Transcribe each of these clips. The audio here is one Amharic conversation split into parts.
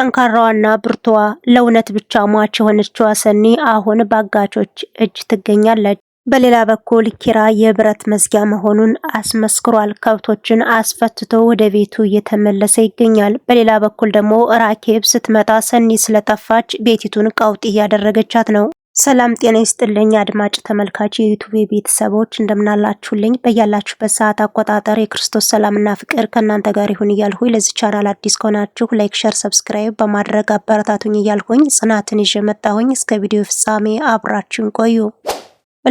ጠንካራዋና ብርቱዋ ለእውነት ብቻ ሟች የሆነችዋ ሰኒ አሁን በአጋቾች እጅ ትገኛለች። በሌላ በኩል ኪራ የብረት መዝጊያ መሆኑን አስመስክሯል። ከብቶችን አስፈትቶ ወደ ቤቱ እየተመለሰ ይገኛል። በሌላ በኩል ደግሞ ራኬብ ስትመጣ ሰኒ ስለጠፋች ቤቲቱን ቀውጥ እያደረገቻት ነው። ሰላም ጤና ይስጥልኝ አድማጭ ተመልካች የዩቱብ ቤተሰቦች እንደምናላችሁልኝ በያላችሁበት ሰዓት አቆጣጠር የክርስቶስ ሰላምና ፍቅር ከእናንተ ጋር ይሁን እያልሁኝ ለዚህ ቻናል አዲስ ከሆናችሁ ላይክ፣ ሸር፣ ሰብስክራይብ በማድረግ አበረታቱኝ እያልሁኝ ጽናትን ይዤ መጣሁኝ። እስከ ቪዲዮ ፍጻሜ አብራችን ቆዩ።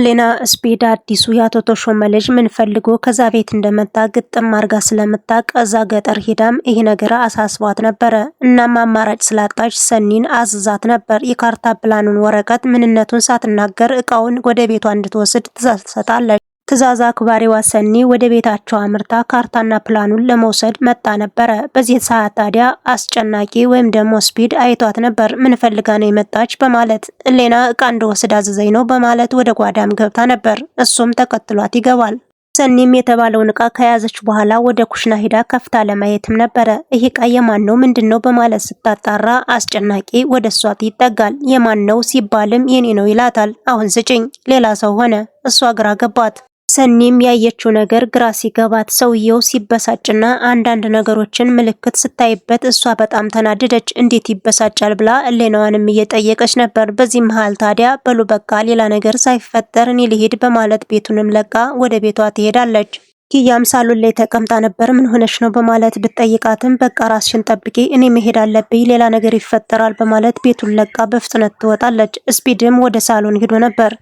ሌና እስፔድ አዲሱ የአቶ ተሾመ ልጅ ምን ፈልጎ ከዛ ቤት እንደመጣ ግጥም አርጋ ስለምታቅ እዛ ገጠር ሄዳም ይህ ነገር አሳስቧት ነበረ። እናም አማራጭ ስላጣች ሰኒን አዝዛት ነበር። የካርታ ፕላኑን ወረቀት ምንነቱን ሳትናገር እቃውን ወደ ቤቷ እንድትወስድ ትሰጣለች። ትዕዛዝ አክባሪዋ ሰኒ ወደ ቤታቸው አምርታ ካርታና ፕላኑን ለመውሰድ መጣ ነበረ። በዚህ ሰዓት ታዲያ አስጨናቂ ወይም ደግሞ ስፒድ አይቷት ነበር። ምን ፈልጋ ነው የመጣች በማለት እሌና እቃ እንደወስድ አዘዘኝ ነው በማለት ወደ ጓዳም ገብታ ነበር። እሱም ተከትሏት ይገባል። ሰኒም የተባለውን እቃ ከያዘች በኋላ ወደ ኩሽና ሂዳ ከፍታ ለማየትም ነበረ። ይህ እቃ የማን ነው ምንድን ነው በማለት ስታጣራ አስጨናቂ ወደ እሷት ይጠጋል። የማን ነው ሲባልም የኔ ነው ይላታል። አሁን ስጭኝ ሌላ ሰው ሆነ። እሷ ግራ ገባት። ሰኒም ያየችው ነገር ግራ ሲገባት ሰውየው ሲበሳጭና አንዳንድ ነገሮችን ምልክት ስታይበት እሷ በጣም ተናደደች። እንዴት ይበሳጫል ብላ እሌናዋንም እየጠየቀች ነበር። በዚህ መሀል ታዲያ በሉ በቃ ሌላ ነገር ሳይፈጠር እኔ ልሄድ በማለት ቤቱንም ለቃ ወደ ቤቷ ትሄዳለች። ኪያም ሳሎን ላይ ተቀምጣ ነበር። ምን ሆነች ነው በማለት ብትጠይቃትም በቃ ራስሽን ጠብቂ፣ እኔ መሄድ አለብኝ፣ ሌላ ነገር ይፈጠራል በማለት ቤቱን ለቃ በፍጥነት ትወጣለች። ስፒድም ወደ ሳሎን ሄዶ ነበር።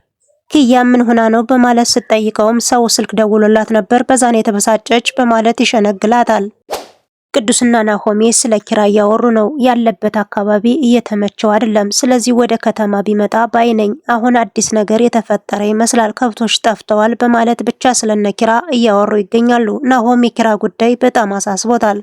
ኪያ ምን ሆና ነው በማለት ስትጠይቀውም ሰው ስልክ ደውሎላት ነበር፣ በዛን የተበሳጨች በማለት ይሸነግላታል። ቅዱስና ናሆሜ ስለ ኪራ እያወሩ ነው። ያለበት አካባቢ እየተመቸው አይደለም። ስለዚህ ወደ ከተማ ቢመጣ ባይነኝ። አሁን አዲስ ነገር የተፈጠረ ይመስላል፣ ከብቶች ጠፍተዋል በማለት ብቻ ስለነ ኪራ እያወሩ ይገኛሉ። ናሆሜ ኪራ ጉዳይ በጣም አሳስቦታል።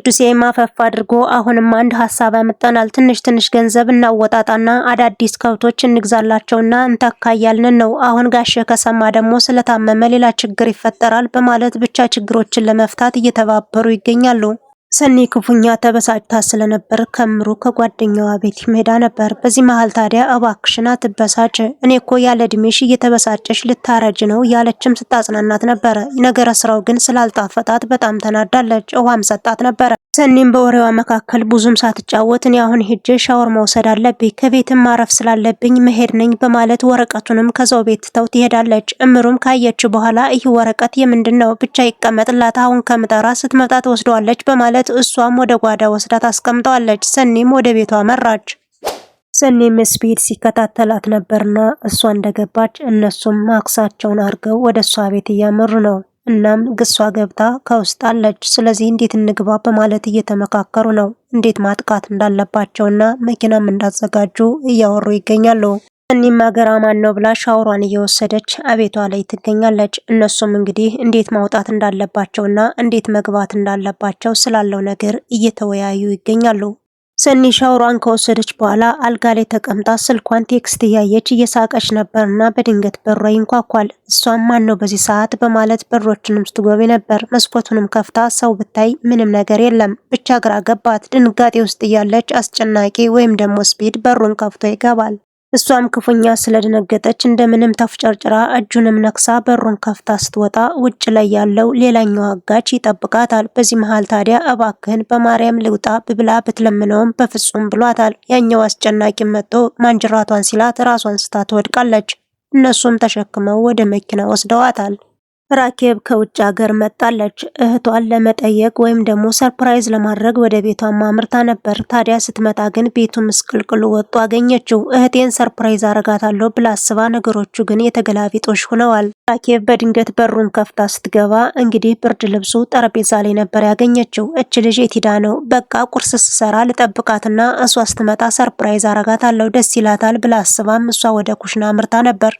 ቅዱሴ ማፈፍ አድርጎ አሁንም አንድ ሀሳብ ያመጣናል። ትንሽ ትንሽ ገንዘብ እናወጣጣና አዳዲስ ከብቶች እንግዛላቸውና እንተካያልን ነው። አሁን ጋሽ ከሰማ ደግሞ ስለታመመ ሌላ ችግር ይፈጠራል በማለት ብቻ ችግሮችን ለመፍታት እየተባበሩ ይገኛሉ። ሰኒ ክፉኛ ተበሳጭታ ስለነበር ከምሩ ከጓደኛዋ ቤት ሜዳ ነበር። በዚህ መሀል ታዲያ እባክሽን አትበሳጭ፣ እኔ እኮ ያለ እድሜሽ እየተበሳጨሽ ልታረጅ ነው ያለችም ስታጽናናት ነበረ። ነገረ ስራው ግን ስላልጣፈጣት በጣም ተናዳለች። ውሃም ሰጣት ነበረ። ሰኔም በወሬዋ መካከል ብዙም ሳትጫወት እኔ አሁን ሄጄ ሻወር መውሰድ አለብኝ ከቤትም ማረፍ ስላለብኝ መሄድ ነኝ በማለት ወረቀቱንም ከዛው ቤት ትተው ትሄዳለች። እምሩም ካየች በኋላ ይህ ወረቀት የምንድን ነው ብቻ ይቀመጥላት አሁን ከምጠራ ስትመጣ ትወስደዋለች በማለት እሷም ወደ ጓዳ ወስዳ ታስቀምጠዋለች። ሰኔም ወደ ቤቷ መራች። ሰኔም ስፒድ ሲከታተላት ነበርና እሷ እንደገባች እነሱም ማክሳቸውን አድርገው ወደ እሷ ቤት እያመሩ ነው። እናም ግሷ ገብታ ከውስጥ አለች። ስለዚህ እንዴት እንግባ በማለት እየተመካከሩ ነው። እንዴት ማጥቃት እንዳለባቸውና መኪናም እንዳዘጋጁ እያወሩ ይገኛሉ። እኒም ሀገር አማን ነው ብላ ሻወሯን እየወሰደች አቤቷ ላይ ትገኛለች። እነሱም እንግዲህ እንዴት ማውጣት እንዳለባቸውና እንዴት መግባት እንዳለባቸው ስላለው ነገር እየተወያዩ ይገኛሉ። ሰኒ ሻወሯን ከወሰደች በኋላ አልጋ ላይ ተቀምጣ ስልኳን ቴክስት እያየች እየሳቀች ነበርና በድንገት በሯ ይንኳኳል። እሷም ማን ነው በዚህ ሰዓት በማለት በሮችንም ስትጎበኝ ነበር። መስኮቱንም ከፍታ ሰው ብታይ ምንም ነገር የለም። ብቻ ግራ ገባት። ድንጋጤ ውስጥ እያለች አስጨናቂ ወይም ደግሞ ስፒድ በሩን ከፍቶ ይገባል። እሷም ክፉኛ ስለደነገጠች እንደምንም ተፍጨርጭራ እጁንም ነክሳ በሩን ከፍታ ስትወጣ ውጭ ላይ ያለው ሌላኛው አጋች ይጠብቃታል። በዚህ መሃል ታዲያ እባክህን በማርያም ልውጣ ብብላ ብትለምነውም በፍጹም ብሏታል። ያኛው አስጨናቂ መጥቶ ማንጅራቷን ሲላት ራሷን ስታ ትወድቃለች። እነሱም ተሸክመው ወደ መኪና ወስደዋታል። ራኬብ ከውጭ ሀገር መጣለች። እህቷን ለመጠየቅ ወይም ደግሞ ሰርፕራይዝ ለማድረግ ወደ ቤቷ ማምርታ ነበር። ታዲያ ስትመጣ ግን ቤቱ ምስቅልቅሉ ወጡ አገኘችው። እህቴን ሰርፕራይዝ አረጋታለሁ ብላ አስባ ነገሮቹ ግን የተገላቢጦሽ ሆነዋል። ራኬብ በድንገት በሩን ከፍታ ስትገባ እንግዲህ ብርድ ልብሱ ጠረጴዛ ላይ ነበር ያገኘችው። እች ልጅ የቲዳ ነው? በቃ ቁርስ ስሰራ ልጠብቃትና እሷ ስትመጣ ሰርፕራይዝ አረጋታለሁ ደስ ይላታል ብላ አስባም እሷ ወደ ኩሽና አምርታ ነበር።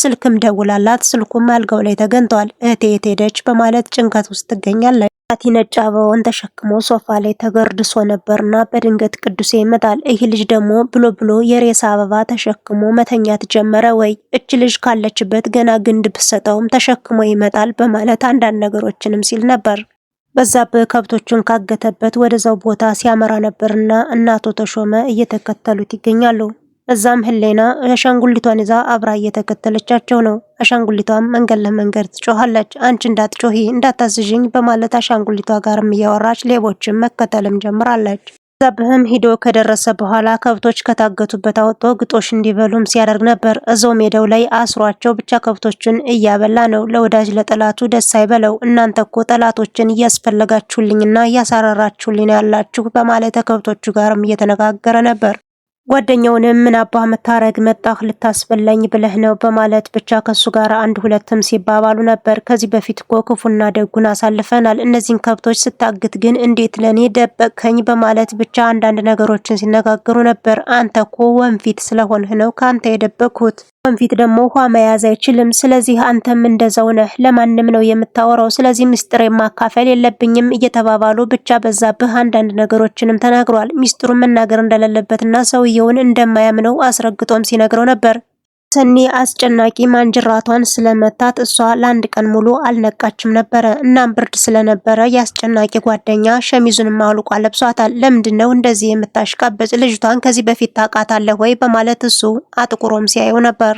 ስልክም ደውላላት ስልኩም አልጋው ላይ ተገንቷል። እህቴ የት ሄደች በማለት ጭንቀት ውስጥ ትገኛለች። አቲ ነጭ አበባውን ተሸክሞ ሶፋ ላይ ተገርድሶ ነበርና በድንገት ቅዱሴ ይመጣል። ይህ ልጅ ደግሞ ብሎ ብሎ የሬሳ አበባ ተሸክሞ መተኛት ጀመረ። ወይ እች ልጅ ካለችበት ገና ግንድ ብሰጠውም ተሸክሞ ይመጣል በማለት አንዳንድ ነገሮችንም ሲል ነበር። በዛብህ ከብቶቹን ካገተበት ወደዛው ቦታ ሲያመራ ነበርና እናቶ ተሾመ እየተከተሉት ይገኛሉ። እዛም ህሌና አሻንጉሊቷን ይዛ አብራ እየተከተለቻቸው ነው። አሻንጉሊቷም መንገድ ለመንገድ ትጮኻለች። አንቺ እንዳትጮሂ እንዳታዝዥኝ በማለት አሻንጉሊቷ ጋርም እያወራች ሌቦችን መከተልም ጀምራለች። ዛብህም ሂዶ ከደረሰ በኋላ ከብቶች ከታገቱበት አወጥቶ ግጦሽ እንዲበሉም ሲያደርግ ነበር። እዛው ሜዳው ላይ አስሯቸው ብቻ ከብቶችን እያበላ ነው። ለወዳጅ ለጠላቱ ደስ አይበለው። እናንተ እኮ ጠላቶችን እያስፈለጋችሁልኝና እያሳረራችሁልኝ ያላችሁ በማለት ከብቶቹ ጋርም እየተነጋገረ ነበር። ጓደኛውንም ምን አባ መታረግ መጣህ ልታስበላኝ ብለህ ነው በማለት ብቻ ከሱ ጋር አንድ ሁለትም ሲባባሉ ነበር። ከዚህ በፊት እኮ ክፉና ደጉን አሳልፈናል። እነዚህን ከብቶች ስታግት ግን እንዴት ለእኔ ደበቅከኝ? በማለት ብቻ አንዳንድ ነገሮችን ሲነጋገሩ ነበር። አንተ እኮ ወንፊት ስለሆንህ ነው ከአንተ የደበቅሁት ወንፊት ደግሞ ውሃ መያዝ አይችልም። ስለዚህ አንተም እንደዛው ነህ፣ ለማንም ነው የምታወራው። ስለዚህ ምስጢር ማካፈል የለብኝም እየተባባሉ ብቻ በዛብህ አንዳንድ ነገሮችንም ተናግሯል። ሚስጥሩን መናገር እንደሌለበትና ሰውየውን እንደማያምነው አስረግጦም ሲነግረው ነበር። ሰኒ አስጨናቂ ማንጅራቷን ስለመታት እሷ ለአንድ ቀን ሙሉ አልነቃችም ነበረ። እናም ብርድ ስለነበረ የአስጨናቂ ጓደኛ ሸሚዙንም አውልቆ ለብሷታል። ለምንድን ነው እንደዚህ የምታሽቃበጭ? ልጅቷን ከዚህ በፊት ታውቃታለህ ወይ? በማለት እሱ አጥቁሮም ሲያየው ነበር።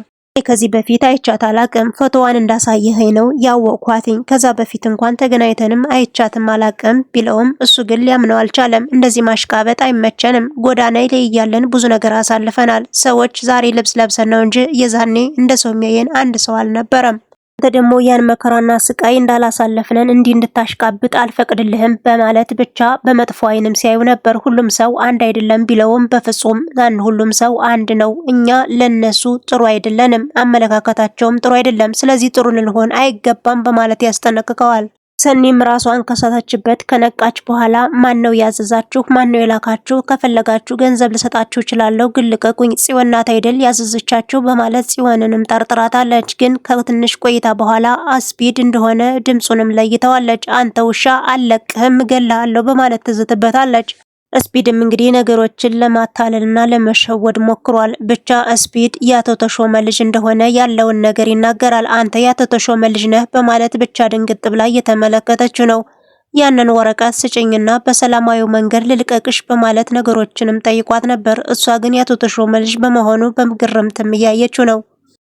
ከዚህ በፊት አይቻት አላቅም። ፎቶዋን እንዳሳየኸኝ ነው ያወቅኳትኝ። ከዛ በፊት እንኳን ተገናኝተንም አይቻትም አላቅም ቢለውም እሱ ግን ሊያምነው አልቻለም። እንደዚህ ማሽቃበጥ አይመቸንም። ጎዳና ላይ እያለን ብዙ ነገር አሳልፈናል። ሰዎች ዛሬ ልብስ ለብሰን ነው እንጂ የዛኔ እንደ ሰው የሚያየን አንድ ሰው አልነበረም። አንተ ደግሞ ያን መከራና ስቃይ እንዳላሳለፍነን እንዲህ እንድታሽቃብጥ አልፈቅድልህም በማለት ብቻ በመጥፎ አይንም ሲያዩ ነበር። ሁሉም ሰው አንድ አይደለም ቢለውም በፍጹም ያን ሁሉም ሰው አንድ ነው። እኛ ለነሱ ጥሩ አይደለንም፣ አመለካከታቸውም ጥሩ አይደለም። ስለዚህ ጥሩ ልንሆን አይገባም በማለት ያስጠነቅቀዋል። ሰኒም ራሷን ከሳተችበት ከነቃች በኋላ ማን ነው ያዘዛችሁ? ማን ነው የላካችሁ? ከፈለጋችሁ ገንዘብ ልሰጣችሁ እችላለሁ፣ ግን ልቀቁኝ። ጽዮን ናት አይደል ያዘዘቻችሁ? በማለት ጽዮንንም ጠርጥራታለች። ግን ከትንሽ ቆይታ በኋላ አስፒድ እንደሆነ ድምፁንም ለይተዋለች። አንተ ውሻ አለቅህም፣ እገልሃለሁ በማለት ትዝትበታለች። ስፒድም እንግዲህ ነገሮችን ለማታለልና ለመሸወድ ሞክሯል። ብቻ ስፒድ የአቶ ተሾመ ልጅ እንደሆነ ያለውን ነገር ይናገራል። አንተ የአቶ ተሾመ ልጅ ነህ በማለት ብቻ ድንግጥ ብላ እየተመለከተችው ነው። ያንን ወረቀት ስጭኝና በሰላማዊ መንገድ ልልቀቅሽ በማለት ነገሮችንም ጠይቋት ነበር። እሷ ግን የአቶ ተሾመ ልጅ በመሆኑ በግርምትም እያየችው ነው።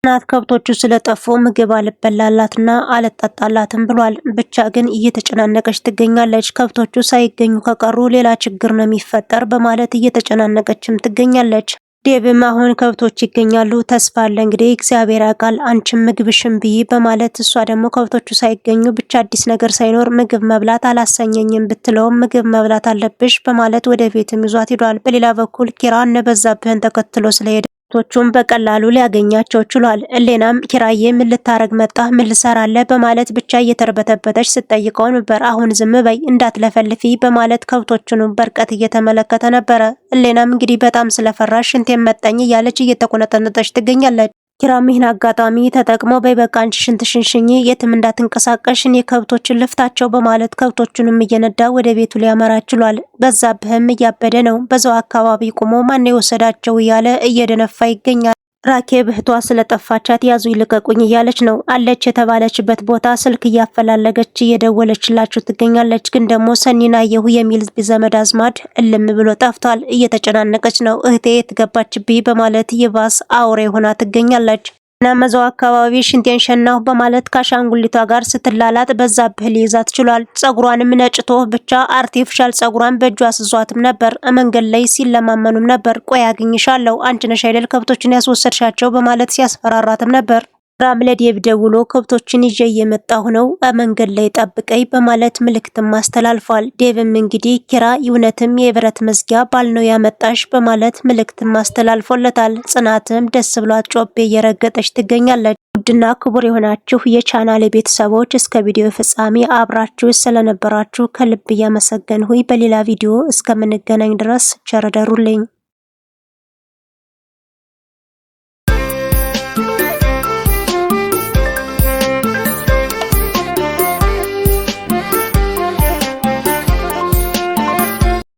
ናት ከብቶቹ ስለጠፉ ምግብ አልበላላትና አልጠጣላትም ብሏል። ብቻ ግን እየተጨናነቀች ትገኛለች። ከብቶቹ ሳይገኙ ከቀሩ ሌላ ችግር ነው የሚፈጠር በማለት እየተጨናነቀችም ትገኛለች። ዴብም አሁን ከብቶች ይገኛሉ ተስፋ አለ እንግዲህ እግዚአብሔር ያውቃል አንቺም ምግብሽን ብይ በማለት እሷ ደግሞ ከብቶቹ ሳይገኙ ብቻ አዲስ ነገር ሳይኖር ምግብ መብላት አላሰኘኝም ብትለውም ምግብ መብላት አለብሽ በማለት ወደ ቤትም ይዟት ሂዷል። በሌላ በኩል ኪራ እነ በዛብህን ተከትሎ ስለሄደ ቶቹም በቀላሉ ሊያገኛቸው ችሏል። እሌናም ኪራዬ ምን ልታረግ መጣ? ምን ልሰራለህ? በማለት ብቻ እየተርበተበተች ስትጠይቀው ነበር። አሁን ዝም በይ እንዳትለፈልፊ በማለት ከብቶቹን በርቀት እየተመለከተ ነበረ። እሌናም እንግዲህ በጣም ስለፈራሽ ሽንቴን መጠኝ እያለች እየተቆነጠነጠች ትገኛለች። ኪራም ይህን አጋጣሚ ተጠቅሞ በይበቃ አንቺ ሽንትሽን የትም እንዳትንቀሳቀሽን የከብቶችን ልፍታቸው በማለት ከብቶቹንም እየነዳ ወደ ቤቱ ሊያመራ ችሏል። በዛብህም እያበደ ነው። በዛው አካባቢ ቁሞ ማን የወሰዳቸው እያለ እየደነፋ ይገኛል። ራኬብ እህቷ ስለጠፋቻት ያዙ ይልቀቁኝ እያለች ነው አለች የተባለችበት ቦታ ስልክ እያፈላለገች እየደወለችላችሁ ትገኛለች። ግን ደግሞ ሰኒና አየሁ የሚል ዘመድ አዝማድ እልም ብሎ ጠፍቷል። እየተጨናነቀች ነው። እህቴ የት በማለት ይባስ አውሬ ሆና ትገኛለች። እና መዘው አካባቢ ሽንቴን ሸናሁ በማለት ከአሻንጉሊቷ ጋር ስትላላጥ በዛብህ ሊይዛት ችሏል። ጸጉሯንም ነጭቶ ብቻ አርቲፊሻል ጸጉሯን በእጇ አስዟትም ነበር። መንገድ ላይ ሲለማመኑም ነበር። ቆይ አግኝሻለሁ፣ አንቺ ነሽ አይደል ከብቶችን ያስወሰድሻቸው በማለት ሲያስፈራራትም ነበር። ራምለዴብ ደውሎ ከብቶችን ይዤ እየመጣሁ ነው በመንገድ ላይ ጠብቀኝ በማለት ምልክትም አስተላልፏል። ዴብም እንግዲህ ኪራ እውነትም የብረት መዝጊያ ባል ነው ያመጣሽ በማለት ምልክትም አስተላልፎለታል። ጽናትም ደስ ብሏት ጮቤ እየረገጠች ትገኛለች። ውድና ክቡር የሆናችሁ የቻናል ቤተሰቦች እስከ ቪዲዮ ፍጻሜ አብራችሁ ስለነበራችሁ ከልብ እያመሰገንሁኝ በሌላ ቪዲዮ እስከምንገናኝ ድረስ ቸር ደሩልኝ።